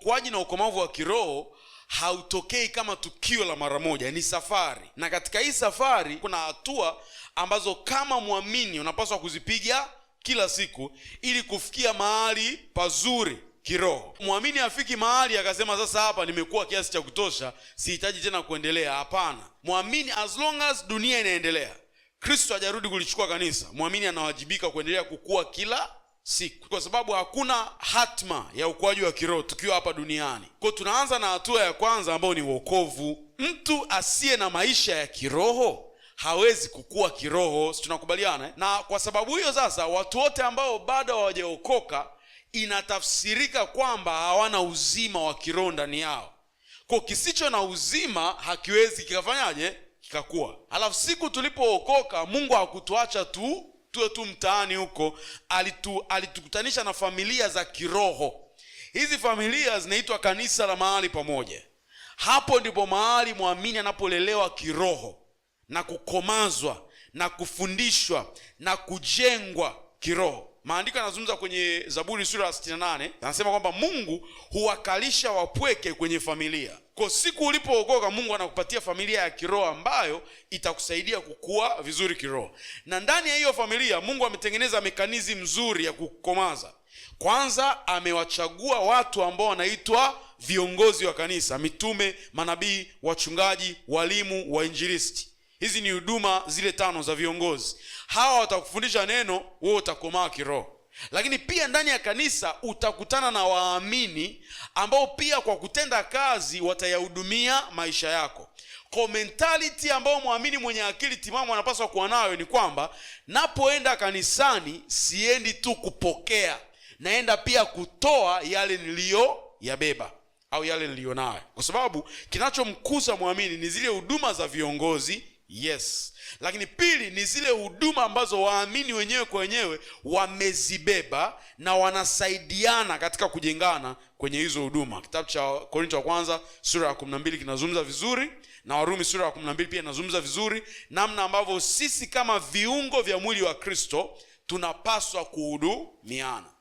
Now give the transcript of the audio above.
ukuaji na ukomavu wa kiroho hautokei kama tukio la mara moja, ni safari. Na katika hii safari kuna hatua ambazo kama mwamini unapaswa kuzipiga kila siku ili kufikia mahali pazuri kiroho. Mwamini afiki mahali akasema, sasa hapa nimekuwa kiasi cha kutosha, sihitaji tena kuendelea. Hapana, mwamini as long as dunia inaendelea, Kristo hajarudi kulichukua kanisa, mwamini anawajibika kuendelea kukua kila siku, kwa sababu hakuna hatma ya ukuaji wa kiroho tukiwa hapa duniani. Kwa tunaanza na hatua ya kwanza ambayo ni wokovu. Mtu asiye na maisha ya kiroho hawezi kukua kiroho, si tunakubaliana eh? Na kwa sababu hiyo sasa, watu wote ambao bado hawajaokoka inatafsirika kwamba hawana uzima wa kiroho ndani yao. Kwa kisicho na uzima hakiwezi kikafanyaje? Kikakuwa. Halafu siku tulipookoka, Mungu hakutuacha tu tuwe tu mtaani huko, alitu, alitukutanisha na familia za kiroho. Hizi familia zinaitwa kanisa la mahali pamoja. Hapo ndipo mahali mwamini anapolelewa kiroho na kukomazwa na kufundishwa na kujengwa kiroho maandiko yanazungumza kwenye Zaburi sura ya 68 anasema kwamba Mungu huwakalisha wapweke kwenye familia. Kwa siku ulipookoka, Mungu anakupatia familia ya kiroho ambayo itakusaidia kukua vizuri kiroho, na ndani ya hiyo familia Mungu ametengeneza mekanizi mzuri ya kukomaza. Kwanza amewachagua watu ambao wanaitwa viongozi wa kanisa, mitume, manabii, wachungaji, walimu, wainjilisti Hizi ni huduma zile tano za viongozi. Hawa watakufundisha neno, wewe utakomaa kiroho. Lakini pia ndani ya kanisa utakutana na waamini ambao pia kwa kutenda kazi watayahudumia maisha yako. Kwa mentality ambayo mwamini mwenye akili timamu anapaswa kuwa nayo ni kwamba napoenda kanisani siendi tu kupokea, naenda pia kutoa yale yabeba au yale nayo kwa sababu kinachomkuza mwamini ni zile huduma za viongozi Yes, lakini pili ni zile huduma ambazo waamini wenyewe kwa wenyewe wamezibeba na wanasaidiana katika kujengana kwenye hizo huduma. Kitabu cha Korinto wa kwanza sura ya 12 kinazungumza vizuri na Warumi sura ya 12 pia inazungumza vizuri namna ambavyo sisi kama viungo vya mwili wa Kristo tunapaswa kuhudumiana.